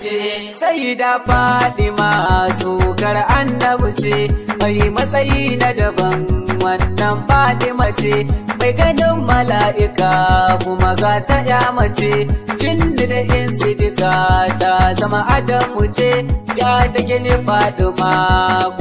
ce sai da fadima tsokar annabi ce mai matsayi na daban wannan fadima ce mai ganin mala'ika kuma ga ta ya mace jinni da sidika ta zama adamu ce ya take ni fadima